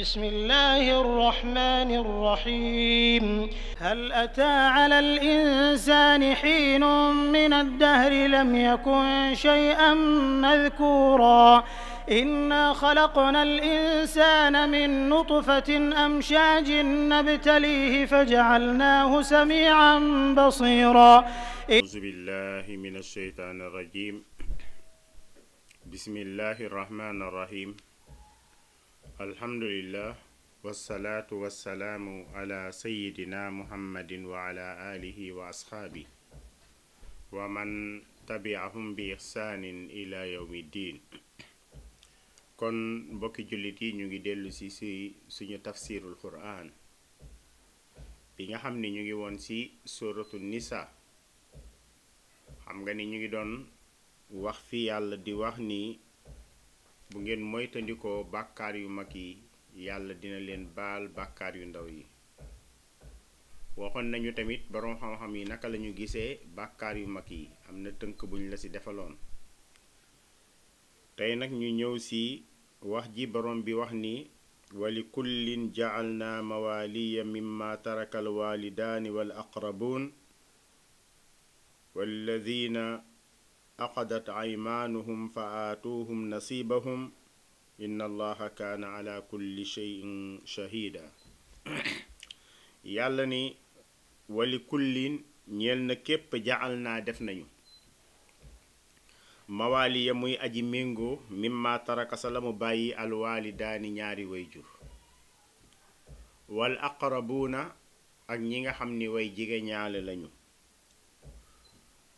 بسم الله الرحمن الرحيم هل أتى على الإنسان حين من الدهر لم يكن شيئا مذكورا إنا خلقنا الإنسان من نطفة أمشاج نبتليه فجعلناه سميعا بصيرا أعوذ بالله من الشيطان الرجيم بسم الله الرحمن الرحيم alhamdulillah wassalaatu wassalaamu ala sayidina muhammadin wa ala alihi wa asxaabi wa man tabiahum bi ixsaanin ila yawmi diin kon mbokki jullit yi ñu ngi dellu si suñu tafsirul quran bi nga xam ni ñu ngi woon ci suratu nisa xam nga ni ñu ngi doon wax fi yàlla di wax ni bu ngeen moytandikoo bàkkaar yu mag yi yàlla dina leen baal bàkkaar yu ndaw yi waxoon nañu tamit boroom xam-xam yi naka lañu gisee bàkkaar yu mag yi am na tënk buñ la ci defaloon tey nag ñu ñëw ci wax ji boroom bi wax ni wali kullin ja'alna mawaliya mimma taraka alwalidaani wal aqrabuun walladina aqadat aymaanuhum fa aatuuhum nasiibahum inna allaha kaana ala kulli sheyin shahiida yàlla ni wali kullin ñeel na képp jaal naa def nañu mawaaliya muy aji méngoo mimma taraka sa la mu bàyyi alwaalidaani ñaari wayjur wal aqrabuuna ak ñi nga xam ni way jege lañu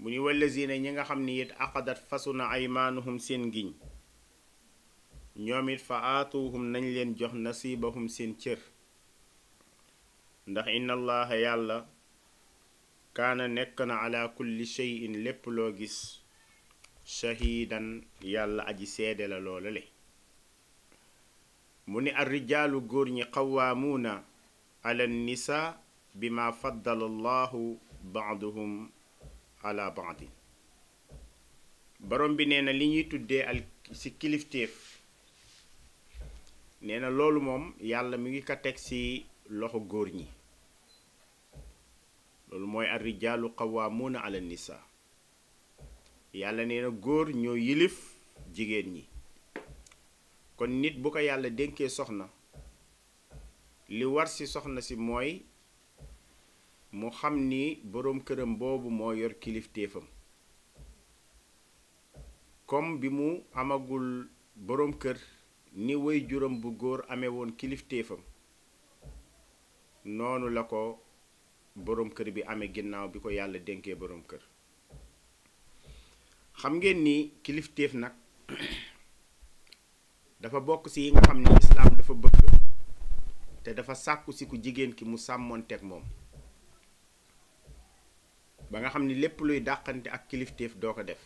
mu ni wallazina ñi nga xam ni it aqadat fasu na aymaanuhum seen giñ ñoom it fa aatuuhum nañ leen jox nasiibahum seen cër ndax inna allaha yàlla kaana nekk na ala kulli shay'in lépp loo gis shahiidan yàlla aji seede la loola le mu ni arrijaalu góor ñi qawwaamuuna ala nisaa bima faddala allahu baaduhum ala baadi borom bi nee na li ñuy tuddee al ci kilifteef nee na loolu moom yàlla mi ngi ko teg ci loxo góor ñi loolu mooy ar rijaalu qawaamuuna ala nisaa yàlla nee na góor ñoo yilif jigéen ñi kon nit bu ko yàlla dénkee soxna li war ci soxna si mooy mu xam ni boroom këram boobu moo yor kilifteefam comme bi mu amagul boroom kër ni way juram bu góor amee woon kilifteefam noonu la ko boroom kër bi amee ginnaaw bi ko yàlla dénkee boroom kër xam ngeen ni kilifteef nag dafa bokk ci yi nga xam ni islaam dafa bëgg te dafa sàkku ci ku jigéen ki mu sàmmoonteeg moom ba nga xam ni lépp luy dàqante ak kilifteef doo ko def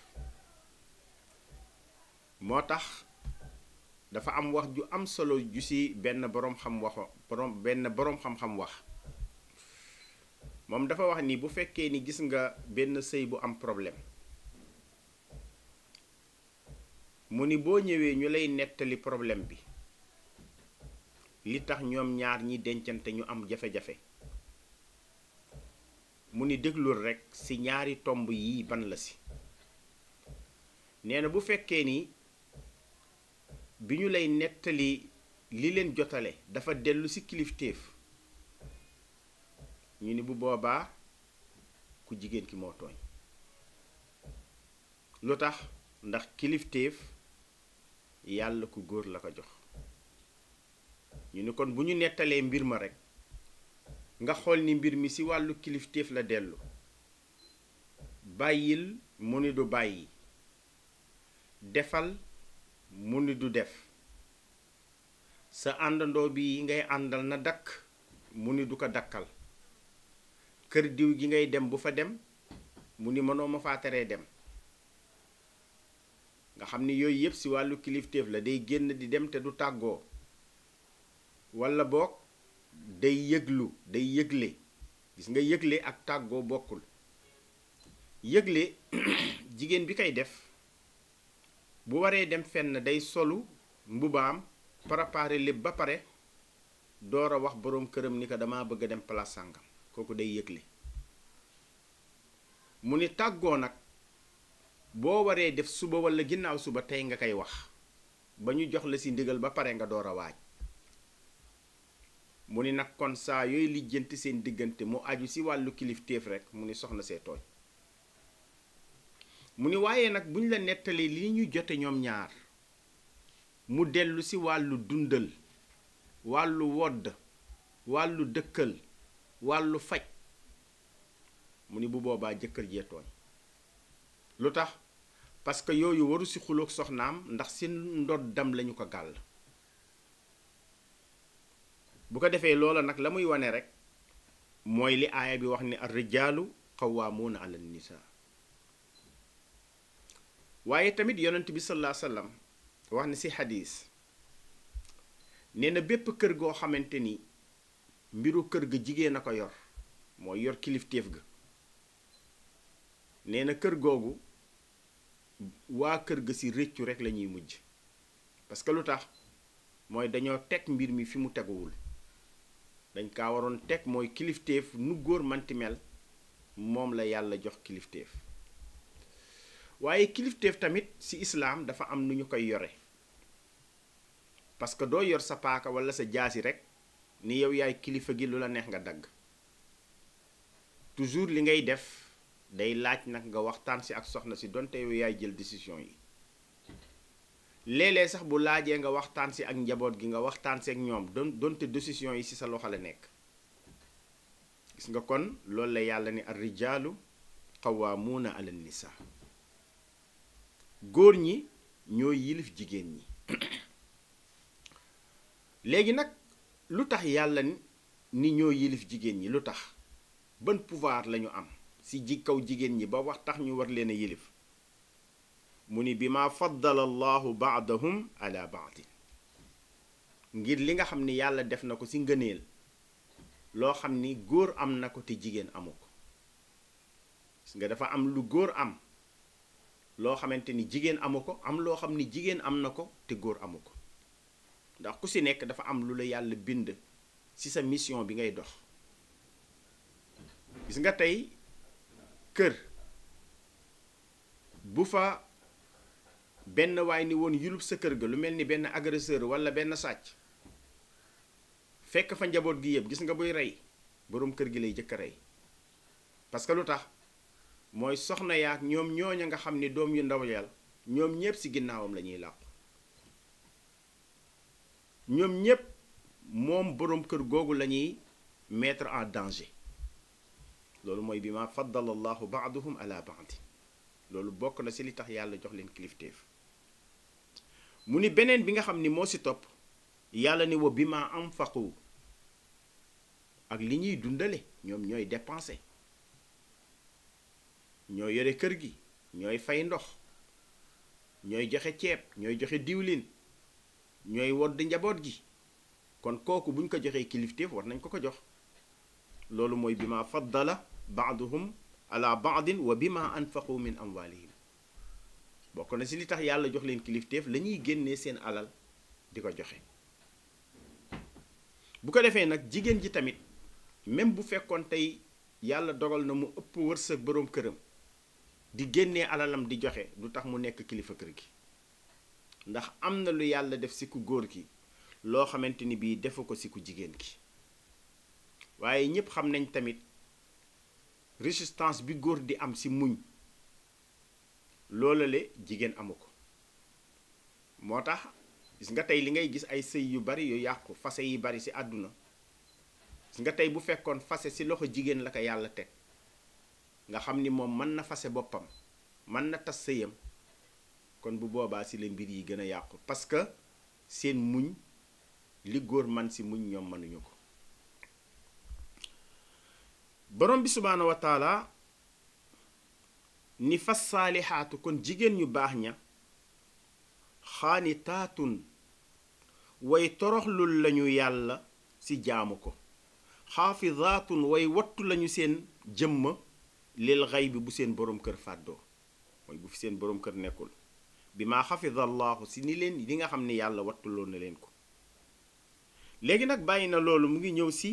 moo tax dafa am wax ju am solo ju ci benn boroom xam wax benn boroom xam wax moom dafa wax ni bu fekkee ni gis nga benn sëy bu am problème mu ni boo ñëwee ñu lay nettali problème bi li tax ñoom ñaar ñi dencante ñu am jafe-jafe mu ni déglul rekk ci ñaari tomb yi ban la si nee na bu fekkee ni bi ñu lay nettali li leen jotale dafa dellu si kilifteef ñu ni bu boobaa ku jigéen ki moo tooñ lu tax ndax kilifteef yàlla ku góor la ko jox ñu ni kon bu ñu nettalee mbir ma rekk nga xool ni mbir mi ci wàllu kilifteef la dellu bàyyil mu ni du bàyyi defal mu ni du def sa àndandoo bi ngay àndal na dakk mu ni du ko dakkal kër diw gi ngay dem bu fa dem mu ni mënoo ma faa teree dem nga xam ni yooyu yëpp ci wàllu kilifteef la day génn di dem te du tàggoo walla boog day yëglu day yëgle gis nga yëgle ak tàggoo bokkul yëgle jigéen bi koy def bu waree dem fenn day solu mbubaam parapare lépp ba pare door a wax boroom këram ni ko dama bëgg a dem place sàngam kooku day yëgle mu ni tàggoo nag boo waree def suba walla ginnaaw suba tey nga koy wax ba ñu jox la ci ndigal ba pare nga door a waaj mu ni nag kon saa yooyu lijjanti seen diggante mu aju ci wàllu kilifteef rekk mu ni soxna see tooñ mu ni waaye nag buñ la nettali li ñu jote ñoom ñaar mu dellu ci wàllu dundal wàllu wodd wàllu dëkkal wàllu faj mu ni bu boobaa jëkkër jee tooñ lu tax parce que yooyu waru ci xuloog soxnaam ndax si ndoddam lañu ko gàll bu ko defee loola nag la muy wane rek mooy li aaya bi wax ni ar rijaalu qawwaamuuna ala nisaa waaye tamit yonent bi sallallahu wax ni si xadiis nee na bépp kër goo xamante ni mbiru kër ga jigéen a ko yor mooy yor kilifteef ga nee na kër googu waa kër ga si rëccu rek lañuy mujj parce que lu tax mooy dañoo teg mbir mi fi mu teguwul dañ ko waroon teg mooy kilifteef nu góor manti mel moom la yàlla jox kilifteef waaye kilifteef tamit ci islaam dafa am nu ñu koy yore parce que doo yor sa paaka walla sa jaasi rekk ni yow yaay kilifa gi lu la neex nga dagg toujours li ngay def day laaj nag nga waxtaan ci ak soxna si donte yow yaay jël décision yi léeg sax bu laajee nga waxtaan si ak njaboot gi nga waxtaan si ak ñoom doon doonte décision yi si sa loxo la nekk gis nga kon loolu la yàlla ni ar rijaalu qawaamuuna ni sa góor ñi ñoo yilif jigéen ñi léegi nag lu tax yàlla ni ñoo yilif jigéen ñi lu tax ban pouvoir lañu am si ji kaw jigéen ñi ba wax tax ñu war leen a yilif mu ni bi ma faddala allahu baadahum ala baadin ngir li nga xam ni yàlla def na ko ci ngëneel loo xam ni góor am na ko te jigéen amu ko nga dafa am lu góor am loo xamante ni jigéen amu ko am loo xam ni jigéen am na ko te góor amu ko ndax ku si nekk dafa am lu la yàlla bind ci sa mission bi ngay dox gis nga tey kër bu fa benn waay ni woon yulub sa kër ga lu mel ni benn agresseur wala benn sàcc fekk fa njaboot gi yëpp gis nga buy rey boroom kër gi lay jëkk a rey parce que lu tax mooy soxna yaak ñoom ñooña nga xam ni doom yu ndaw yal ñoom ñëpp ci ginnaawam la ñuy làqu ñoom ñëpp moom boroom kër googu la ñuy mettre en danger loolu mooy bi ma faddala allahu baaduhum ala baadi loolu bokk na ci li tax yàlla jox leen kilifteef mu ni beneen bi nga xam ni moo si topp yàlla ni wa bi ma anfaqu ak li ñuy dundale ñoom ñooy dépensé ñoo yore kër gi ñooy fay ndox ñooy joxe ceeb ñooy joxe diwlin ñooy wodd njaboot gi kon kooku buñ ko joxee kilifteef war nañ ko ko jox loolu mooy bi ma faddala baaduhum ala baadin wa bi ma anfaqu min amwalihim bokk na si li tax yàlla jox leen kilifteef la ñuy génnee seen alal di ko joxe bu ko defee nag jigéen ji tamit même bu fekkoon tey yàlla dogal na mu ëpp wërsëg boroom këram di génne alalam di joxe du tax mu nekk kilifa kër gi ndax am na lu yàlla def si ku góor gi loo xamante ni bii defu ko si ku jigéen gi waaye ñépp xam nañ tamit résistance bi góor di am si muñ loolale jigéen amu ko moo tax gis nga tey li ngay gis ay sëy yu bari yu yàqu fase yi bari ci àdduna gis nga tey bu fekkoon fase ci loxo jigéen la ko yàlla teg nga xam ni moom mën na fase boppam mën na tas sëyam kon bu boobaa ci la mbir yi gën a yàqu parce que seen muñ li góor man ci muñ ñoom mënuñu ko borom bi subhaanahu ni fa saalixaatu kon jigéen ñu baax ña xaanitaatun way toroxlul lañu yàlla ci jaamu ko xaafizaatun way wattu lañu seen jëmm leel xay bi bu seen boroom kër fàddoo mooy bu fi seen boroom kër nekkul bi maa xafidallaahu si ni leen li nga xam ni yàlla wattuloo na leen ko léegi nag bàyyi na loolu mu ngi ñëw si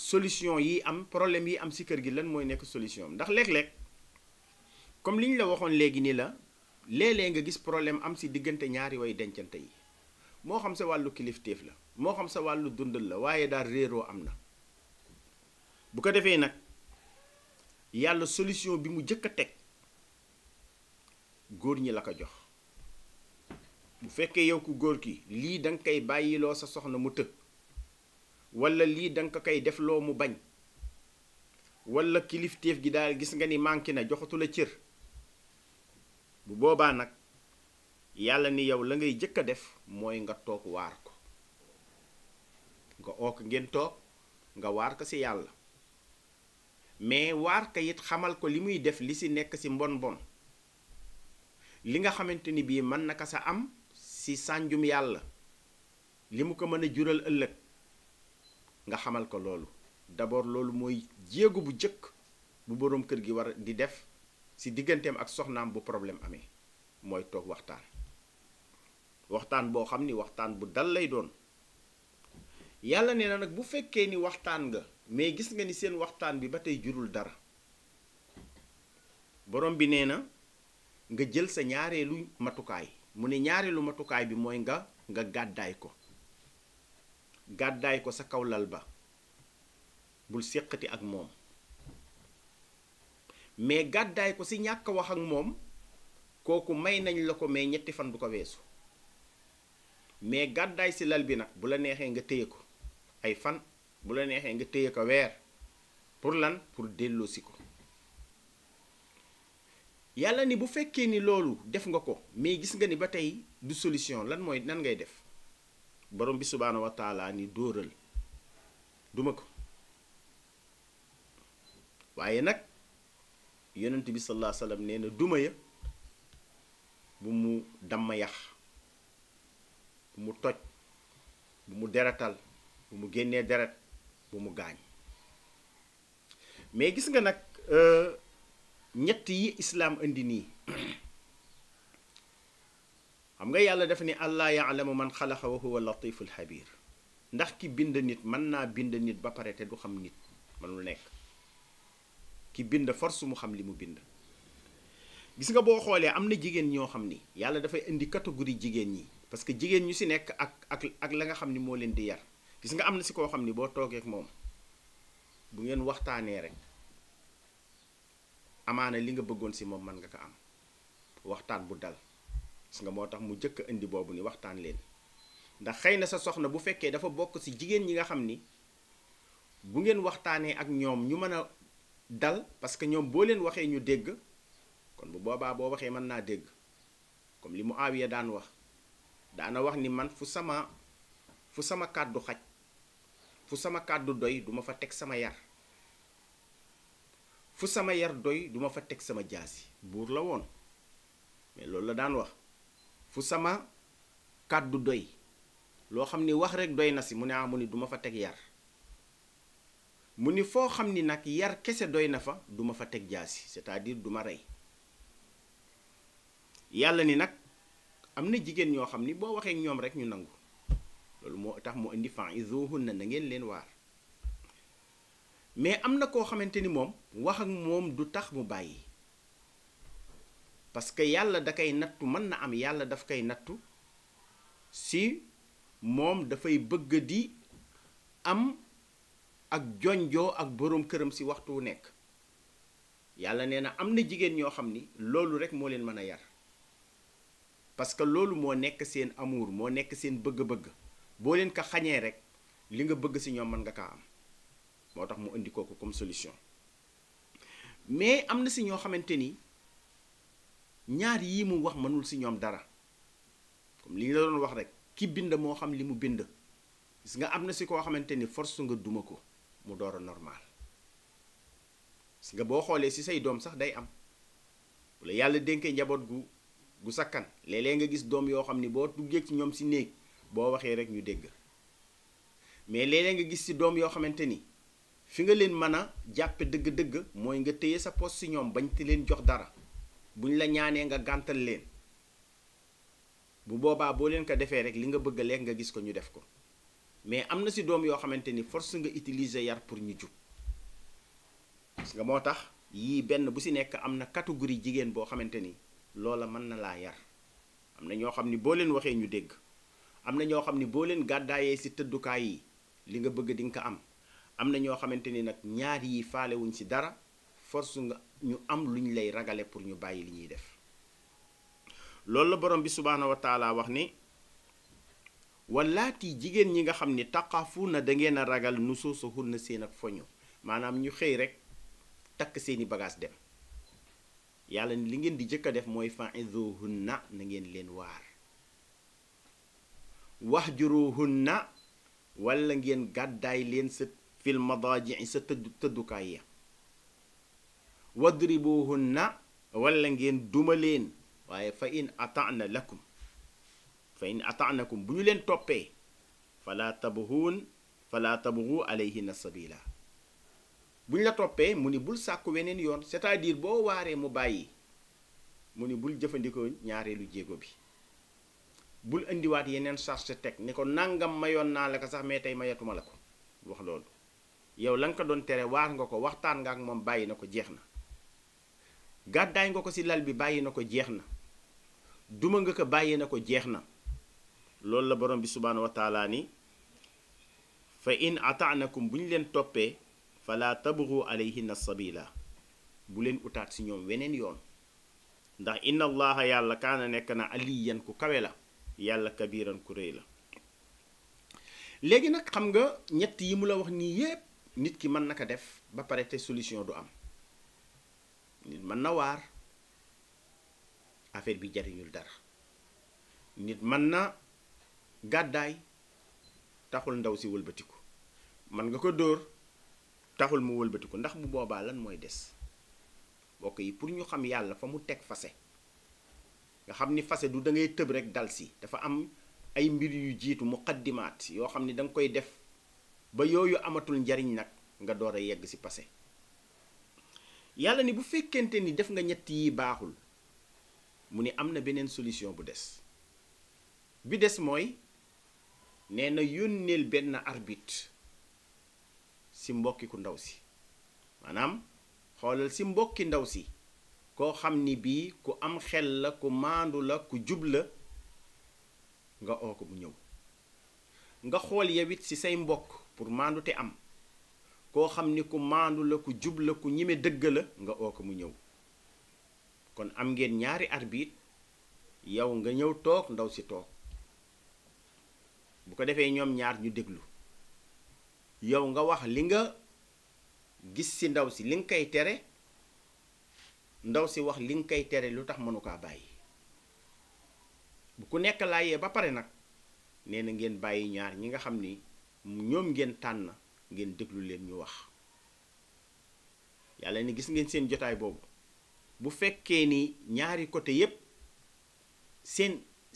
solution yi am problème yi am si kër gi lan mooy nekk solution ndax léeg-léeg comme li ñu la waxoon léegi nii la léeg-léeg nga gis problème am si diggante ñaari way dencante yi moo xam sa wàllu kilifteef la moo xam sa wàllu dundal la waaye daal réeroo am na bu ko defee nag yàlla solution bi mu jëkk a teg góor ñi la ko jox bu fekkee yow ku góor ki lii danga koy bàyyiloo sa soxna mu të walla lii danga ko koy defloo mu bañ wala kilifteef gi daal gis nga ni manqué na joxatu la cër bu boobaa nag yàlla ni yow la ngay jëkk a def mooy nga toog waar ko nga ook ngeen toog nga waar ko ci yàlla mais waar ko it xamal ko li muy def li ci nekk ci mbon mbon li nga xamante ni bii mën na ko sa am ci sànjum yàlla li mu ko mën a jural ëllëg nga xamal ko loolu d'abord loolu mooy jéego bu jëkk bu boroom kër gi war di def ci digganteem ak soxnaam bu problème amee mooy toog waxtaan waxtaan boo xam ni waxtaan bu dal lay doon yàlla nee na nag bu fekkee ni waxtaan nga mais gis nga ni seen waxtaan bi ba tey jurul dara borom bi nee na nga jël sa ñaareelu matukaay mu ne ñaareelu matukaay bi mooy nga nga gàddaay ko gàddaay ko sa kaw lal ba bul séqati ak moom mais gàddaay ko si ñàkk wax ak moom kooku may nañ la ko mais ñetti fan du ko weesu mais gàddaay si lal bi nag bu la neexee nga téye ko ay fan bu la neexee nga téye ko weer pour lan pour delloosi ko yàlla ni bu fekkee ni loolu def nga ko mais gis nga ni ba tey du solution lan mooy nan ngay def borom bi subhaanahu wa taala ni dóoral duma ko waaye nag yonent bi sallallahu alayhi nee na duma ya bu mu damm yax bu mu toj bu mu deretal bu mu génnee deret bu mu gaañ mais gis nga nag euh, ñett yi islaam indi nii xam nga yàlla dafa ni allah yaalamu man xalaqa wa huwa latiful xabiir ndax ki bind nit mën naa bind nit ba pare te du xam nit mënul nekk ki bind force mu xam li mu bind gis nga boo xoolee am na jigéen ñoo xam ni yàlla dafay indi catégorie jigéen ñi parce que jigéen ñu si nekk ak ak la nga xam ni moo leen di yar gis nga am na si koo xam ni boo toogeek moom bu ngeen waxtaanee rek amaana li nga bëggoon si moom mën nga ko am waxtaan bu dal gis nga moo tax mu jëkk indi boobu ni waxtaan leen ndax xëy na sa soxna bu fekkee dafa bokk ci jigéen ñi nga xam ni bu ngeen waxtaanee ak ñoom ñu mën a dal parce que ñoom boo leen waxee ñu dégg kon bu boobaa boo waxee mën naa dégg comme li mu aawiya daan wax daana wax ni man fu sama fu sama kàddu xaj fu sama kàddu doy duma fa teg sama yar fu sama yar doy duma fa teg sama jaasi buur la woon mais loolu la daan wax fu sama kàddu doy loo xam ni wax rek doy na si mu ne amul ah, mu ni du fa teg yar mu ni foo xam ni nag yar kese doy na fa duma fa teg jaasi c'est-à-dire du ma rey yàlla ni nag am na jigéen ñoo xam ni boo waxee ñoom rek ñu nangu loolu moo tax mu indi fan izuhunna na ngeen leen waar mais am na koo xamante ni moom wax ak moom du tax mu bàyyi parce que yàlla da koy nattu mën na am yàlla dafa koy nattu si moom dafay bëgg di am ak jonjoo ak boroom këram si waxtu wu nekk yàlla nee na am na jigéen ñoo xam ni loolu rek moo leen mën a yar parce que loolu moo nekk seen amour moo nekk seen bëgg-bëgg boo leen ko xañee rek li nga bëgg si ñoom mën nga kaa am moo tax mu indi kooku comme solution mais am na si ñoo xamante ni ñaar yii mu wax mënul si ñoom dara comme li la doon wax rek ki bind moo xam li mu bind gis nga am na si koo xamante ni force nga duma ko mu door a normal gis nga boo xoolee si say doom sax day am wala yàlla dénkee njaboot gu gu sakkan léeg nga gis doom yoo xam ni boo duggee ci ñoom si néeg boo waxee rek ñu dégg mais léeg nga gis si doom yoo xamante ni fi nga leen mën a jàppe dëgg-dëgg mooy nga téye sa poste si ñoom bañ te leen jox dara buñ la ñaanee nga gàntal leen bu boobaa boo leen ko defee rek li nga bëgg lekk nga gis ko ñu def ko mais am na si doom yoo xamante ni force nga utiliser yar pour ñu jub parce que moo tax yii benn bu si nekk am na catégorie jigéen boo xamante ni loola mën na laa yar am na ñoo xam ni boo leen waxee ñu dégg am na ñoo xam ni boo leen gàddaayee si tëddukaay yi li nga bëgg di nga ko am am na ñoo xamante ni nag ñaar yii faalewuñ si dara force nga ñu am lu ñu lay ragale pour ñu bàyyi li ñuy def loolu la borom bi subhaana wa taala wax ni walaati jigéen ñi nga xam ni taqaafu na da ngeen a ragal nu soosoxul na seen ak foñu maanaam ñu xëy rek takk seeni bagage dem yàlla ni li ngeen di jëkk a def mooy fa'izuhunna na ngeen leen waar na walla ngeen gàddaay leen sa fil madaaji sa tëdd tëddukaay ya na walla ngeen duma leen waaye fa in ataana lakum fa in ataanakum bu ñu leen toppee fala tabxuun fala tabxu alayhinna sabila bu ñu la toppee mu ni bul sàkk weneen yoon cest à boo waaree mu bàyyi mu ni bul jëfandikoo ñaareelu jéego bi bul indiwaat yeneen charge teg ni ko nangam mayoon naa la ko sax mais tey mayatuma la ko wax loolu yow la nga ko doon tere waar nga ko waxtaan nga ak moom bàyyi na ko jeex na gàddaay nga ko ci lal bi bàyyi na ko jeex na duma nga ko bàyyi na ko jeex na loolu la borom bi subhaanahu wa ni fa in ataanakum bu ñu leen toppee fala tabru alayhinna sabila bu leen utaat ci ñoom weneen yoon ndax inna allaha yàlla kaana nekk na aliyan ku kawe la yàlla kabiran ku rëy la léegi nag xam nga ñett yi mu la wax nii yépp nit ki mën na ko def ba pare te solution du am nit mën na waar affaire bi jariñul dara nit mën na gàddaay taxul ndaw si wëlbatiku mën nga ko dóor taxul mu wëlbatiku ndax mu boobaa lan mooy des mbokk yi pour ñu xam yàlla fa mu teg fase nga xam ni fase du dangay tëb rek dal si dafa am ay mbir yu jiitu muqaddimaat yoo xam ni danga koy def ba yooyu amatul njariñ nag nga door a yegg si pase yàlla ne bu fekkente ni def nga ñett yi baaxul mu ni am na beneen solution bu des bi des mooy nee na yónneel benn arbitre si mbokki ku ndaw si maanaam xoolal si mbokki ndaw si koo xam ni bii ku am xel la ku maandu la ku jub la nga oo ko ñëw nga xool yawit ci say mbokk pour maandu te am koo xam ni ku maandu la ku jub la ku ñime dëgg la nga oo ko mu ñëw kon am ngeen ñaari arbitre yow nga ñëw toog ndaw si toog bu ko defee ñoom ñaar ñu déglu yow nga wax li nga gis ci ndaw si li nga koy tere ndaw si wax li nga koy tere lu tax mënu kaa bàyyi bu ku nekk laayee ba pare nag nee na ngeen bàyyi ñaar ñi nga xam ni ñoom ngeen tànn na ngeen déglu leen ñu wax yàlla ni gis ngeen seen jotaay boobu bu fekkee ni ñaari côté yépp seen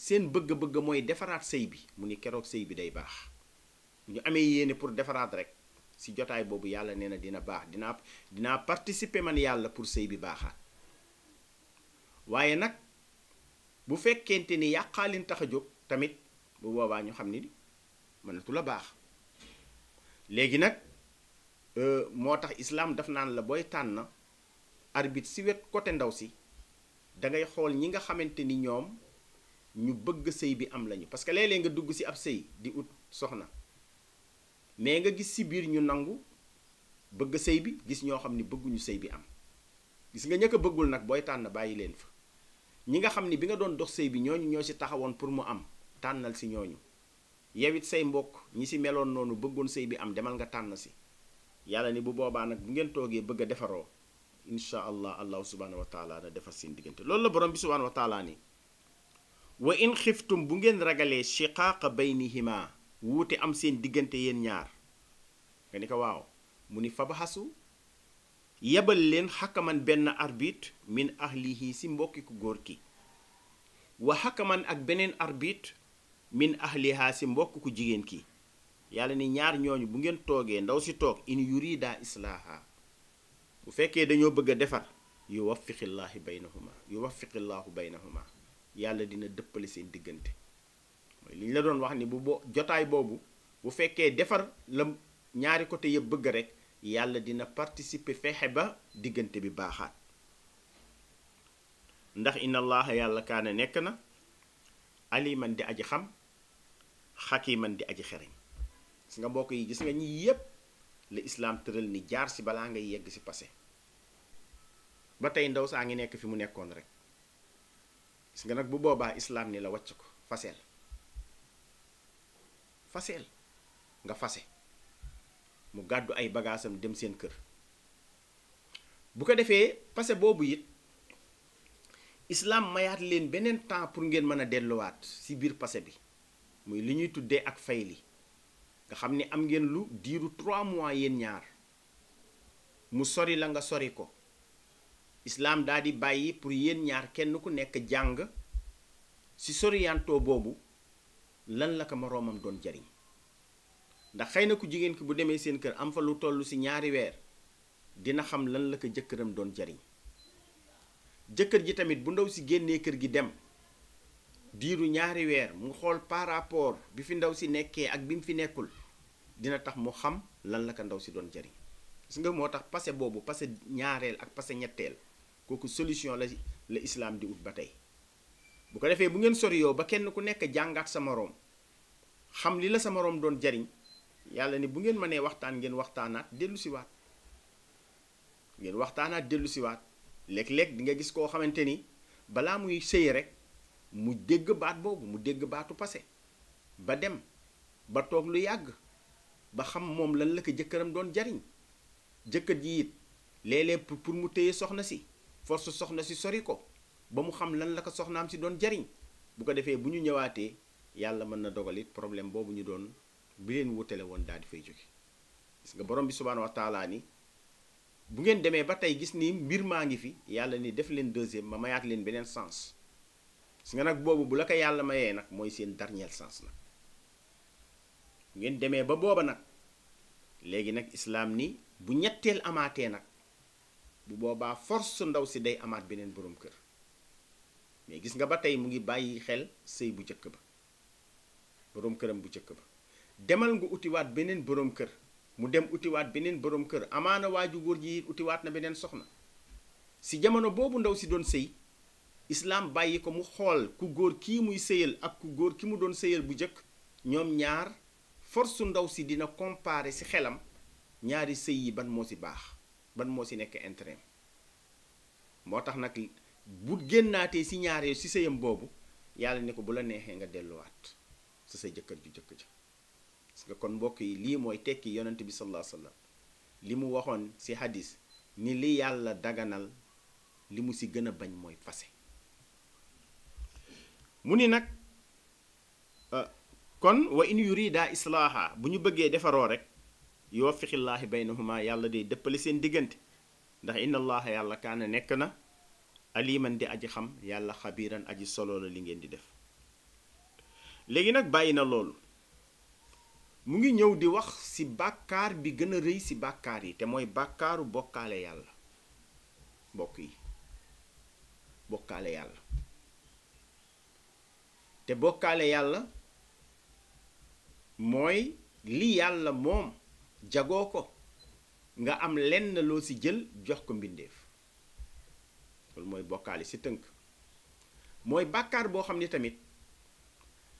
seen bëgg-bëgg mooy defaraat sëy bi mu ni keroog sëy bi day baax ñu amee yéene pour defaraat rek si jotaay boobu yàlla nee na dina baax dinaa dinaa participer man yàlla pour sëy bi baaxaat waaye nag bu fekkente ni yàqaalin tax a jóg tamit bu boobaa ñu xam ni mënatu la baax léegi nag euh, moo tax islaam daf naan la booy tànn arbitre si wet côté ndaw si da ngay xool ñi nga xamante ni ñoom ñu bëgg sëy bi am lañu parce que léeg nga dugg si ab sëy di ut soxna mais nga gis si biir ñu nangu bëgg sëy bi gis ñoo xam ni bëgguñu sëy bi am gis nga ñëkk bëggul nag booy tànn bàyyi leen fa ñi nga xam ni bi nga doon dox sëy bi ñooñu ñoo si taxawoon pour mu am tànnal si ñooñu yow it say mbokk ñi si meloon noonu bëggoon sëy bi am demal nga tànn si yàlla ni bu boobaa nag bu ngeen toogee bëgg a defaroo incha allah allahu subhanahu wa taala na defar seen diggante loolu la borom bi subhanahu wa taala ni wa in xiftum bu ngeen ragalee shiqaaqa baynihima wuute am seen diggante yéen ñaar nga ni ko waaw mu ni fabaxasu yabal leen xakaman benn arbitre min ahlihi si mbokki ku góor ki wa xakaman ak beneen arbitre min ahliha si mbokk ku jigéen ki yàlla ni ñaar ñooñu bu ngeen toogee ndaw si toog in yurida islaaha bu fekkee dañoo bëgg a defar yuwaffiqillaahi baynahuma yuwaffiqillaahu baynahuma yàlla dina dëppale seen diggante mooy li ñu la doon wax ni bu bo jotaay boobu bu fekkee defar la ñaari côté yëpp bëgg rek yàlla dina participer fexe ba diggante bi baaxaat ndax inna allaha yàlla kaane nekk na aliman di aji xam man di aji xereñ gis nga mbokk yi gis nga ñi yépp la islaam tëral ni jaar si balaa ngay yegg si passé ba tey ndaw saa ngi nekk fi mu nekkoon rek gis nga nag bu boobaa islaam ni la wàcc ko faseel faseel nga fase mu gàddu ay bagaasam dem seen kër bu ko defee passé boobu it islaam mayaat leen beneen temps pour ngeen mën a delluwaat si biir pase bi muy li ñuy tuddee ak fay li nga xam ni am ngeen lu diiru trois mois yéen ñaar mu sori la nga sori ko islaam daal di bàyyi pour yéen ñaar kenn ku nekk jàng ci soriyanto boobu lan la ko moroomam doon jariñ ndax xëy na ku jigéen ki bu demee seen kër am fa lu toll ci ñaari weer dina xam lan la ko jëkkëram doon jariñ jëkkër ji tamit bu ndaw si génnee kër gi dem diiru ñaari weer mu xool par rapport bi fi ndaw si nekkee ak bi mu fi nekkul dina tax mu xam lan la ko ndaw si doon jariñ gis nga moo tax passé boobu passé ñaareel ak passé ñetteel kooku solution la la islam di ut ba tey bu ko defee bu ngeen sori ba kenn ku nekk jàngaat sa moroom xam li la sa moroom doon jariñ yàlla ni bu ngeen mënee waxtaan ngeen waxtaanaat dellu siwaat ngeen waxtaanaat dellu siwaat léeg-léeg di nga gis koo xamante ni balaa muy sëy rek mu dégg baat boobu mu dégg baatu passé ba dem ba toog lu yàgg ba xam moom lan la ko jëkkëram doon jariñ jëkkër ji it léeg-léeg pour mu téye soxna si force soxna si sori ko ba mu xam lan la ko soxnaam si doon jariñ bu ko defee bu ñu ñëwaatee yàlla mën na dogalit problème boobu ñu doon bi leen wutale woon daal di fay jóge gis nga borom bi subhaana wa ni bu ngeen demee ba tey gis ni mbir maa ngi fi yàlla ni def leen deuxième ma mayaat leen beneen sens gis nga nag boobu bu la ko yàlla mayee nag mooy seen dernier sens nag ngeen demee ba booba nag léegi nag islaam ni bu ñetteel amaatee nag bu boobaa force ndaw si day amaat beneen boroom kër mais gis nga ba tey mu ngi bàyyi xel sëy bu jëkk ba boroom këram bu jëkk ba demal nga utiwaat beneen boroom kër mu dem utiwaat beneen boroom kër amaana waa ju góor ji utiwaat na beneen soxna si jamono boobu ndaw si doon sëy islaam bàyyi ko mu xool ku góor kii muy sëyal ak ku góor ki mu doon sëyal bu njëkk ñoom ñaar force ndaw si dina comparer si xelam ñaari sëy yi ban moo si baax ban moo si nekk intérêt moo tax nag bu génnaatee si ñaaree si sëyam boobu yàlla ne ko bu la neexee nga delluwaat sa sa jëkkër ju jëkk ja parce que kon mbokk yi lii mooy tekki yonant bi sallallahu alayhi wasallam li mu waxoon si hadis ni li yàlla daganal li mu si gën a bañ mooy fase mu ni nag euh, kon wa in yurida islaaha bu ñu bëggee defaroo rek yoo fixillaahi baynahuma yàlla day dëppale seen diggante ndax inna yàlla kaana nekk na aliman di aji xam yàlla xabiiran aji solo la li ngeen di def léegi nag bàyyi na loolu mu ngi ñëw di wax ci bàkkaar bi gën a rëy ci bàkkaar yi te mooy bàkkaaru bokkaale yàlla mbokk yi bokkaale yàlla te bokkaale yàlla mooy li yàlla moom jagoo ko nga am lenn loo ci jël jox ko mbindeef loolu mooy bokkaale si tënk mooy bàkkaar boo xam ni tamit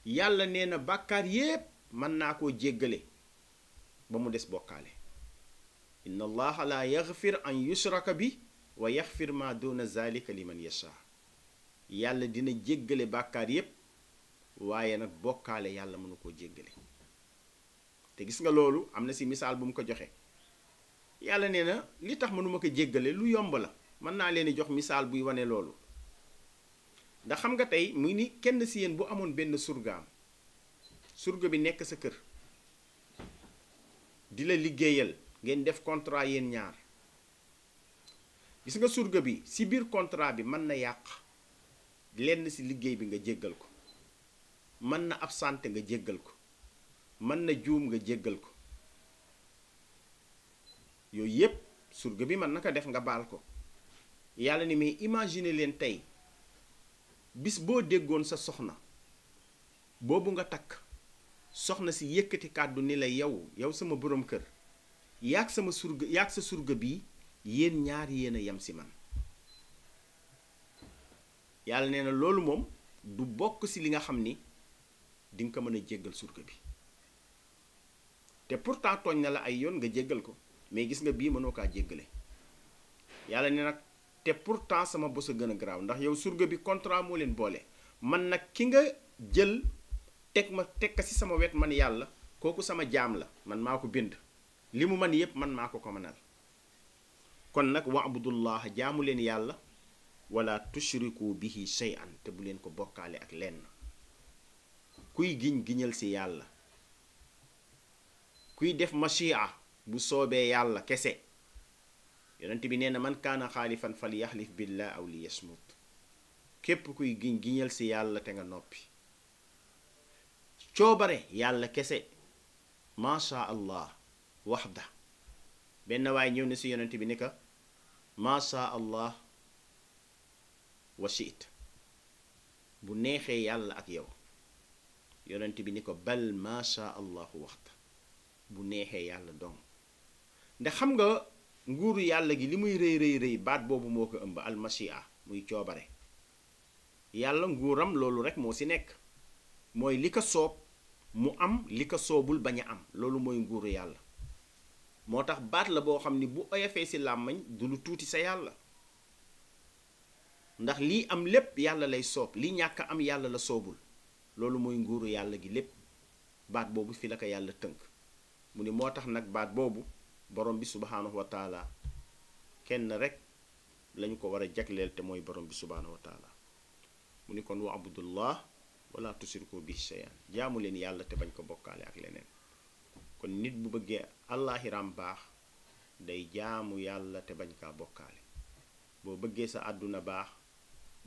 yàlla nee na bàkkaar yépp mën naa koo jéggale ba mu des bokkaale inna allaha la yaxfir an yushraka bi wa yaxfir ma duna zalika liman yasha yàlla dina jéggale bàkkaar yépp waaye nag bokkaale yàlla mënu koo jéggale te gis nga loolu am na si misaal bu mu ko joxe yàlla ne na li tax mënuma ko jéggale lu yomb la mën naa leen di jox misaal buy wane loolu ndax xam nga tey muy ni kenn si yéen bu amoon benn surgaam surga bi nekk sa kër di la liggéeyal ngeen def contrat yéen ñaar gis nga surga bi si biir contrat bi mën na yàq lenn si liggéey bi nga jéggal ko mën na ab absenté nga jéggal ko mën na juum nga jéggal ko yooyu yépp surga bi mën naka def nga baal ko yàlla ni mais imagine leen tey bis boo déggoon sa soxna boobu nga takk soxna si yëkkati kàddu ni lay yow yow sama boroom kër yaag sama surga sa surga bi yéen ñaari yéen a yem si man yàlla ne na loolu moom du bokk si li nga xam ni dinga ko mën a jéggal surga bi te pourtant tooñ na la ay yoon nga jéggal ko mais gis nga bii mënoo kaa jéggale yàlla ne nag te pourtant sama bos a gën a garaaw ndax yow surga bi contrat moo leen boole man nag ki nga jël teg ma teg si sama wet man yàlla kooku sama jaam la man maa ko bind li mu man yépp man maa ko ko mënal kon nag waabudullah jaamu leen yàlla wala tushriku bihi shay'an te bu leen ko bokkaale ak lenn kuy giñ giñal si yàlla kuy def machia bu soobee yàlla kese yonent bi nee na man kaana xaalifan fal yaxlif billah aw li yasmut képp kuy giñ giñal si yàlla te nga noppi coobare yàlla kese macha allah waxda benn waaye ñëw na ci yonent bi ni ka macha allah wa shiit bu neexee yàlla ak yow yonent bi ni ko bal macha allahu waxta bu neexee yàlla dong ndax xam nga nguuru yàlla gi li muy rëy rëy rëy baat boobu moo ko ëmb almasiya muy coobare yàlla nguuram loolu rek moo ci nekk mooy li ko soob mu am li ko soobul bañ a am loolu mooy nguuru yàlla moo tax baat la boo xam ni bu oyofee si làmmiñ du lu tuuti sa yàlla ndax lii am lépp yàlla lay soob li ñàkk am yàlla la soobul loolu mooy nguuru yàlla gi lépp baat boobu fi la ko yàlla tënk mu ni moo tax nag baat boobu borom bi subhaanahu wa taala kenn rek lañu ko war a jagleel te mooy borom bi subhaanahu wa mu ni kon wa abdullah wala tusirku bi shay'an jaamu leen yàlla te bañ ko bokkaale ak leneen kon nit bu bëggee àllaahiram baax day jaamu yàlla te bañ kaa bokkaale boo bëggee sa àdduna baax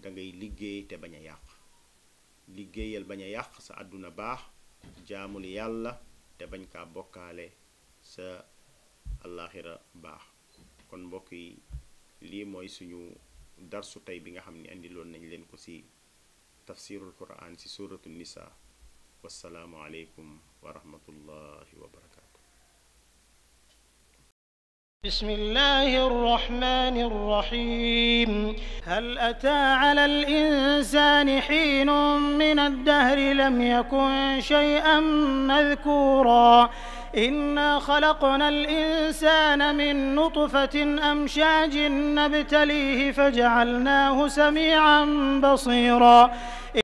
dangay liggéey te bañ a yàq liggéeyal bañ a yàq sa àdduna baax jaamul yàlla te bañ kaa bokkaale sa allaaxira baax kon mbokk yi lii mooy suñu darsu tey bi nga xam ne indiloon nañ leen ko ci tafsirul quran ci suratu nisa wassalaamu aleykum wa wa barakatu بسم الله الرحمن الرحيم هل أتى على الإنسان حين من الدهر لم يكن شيئا مذكورا إنا خلقنا الإنسان من نطفة أمشاج نبتليه فجعلناه سميعا بصيرا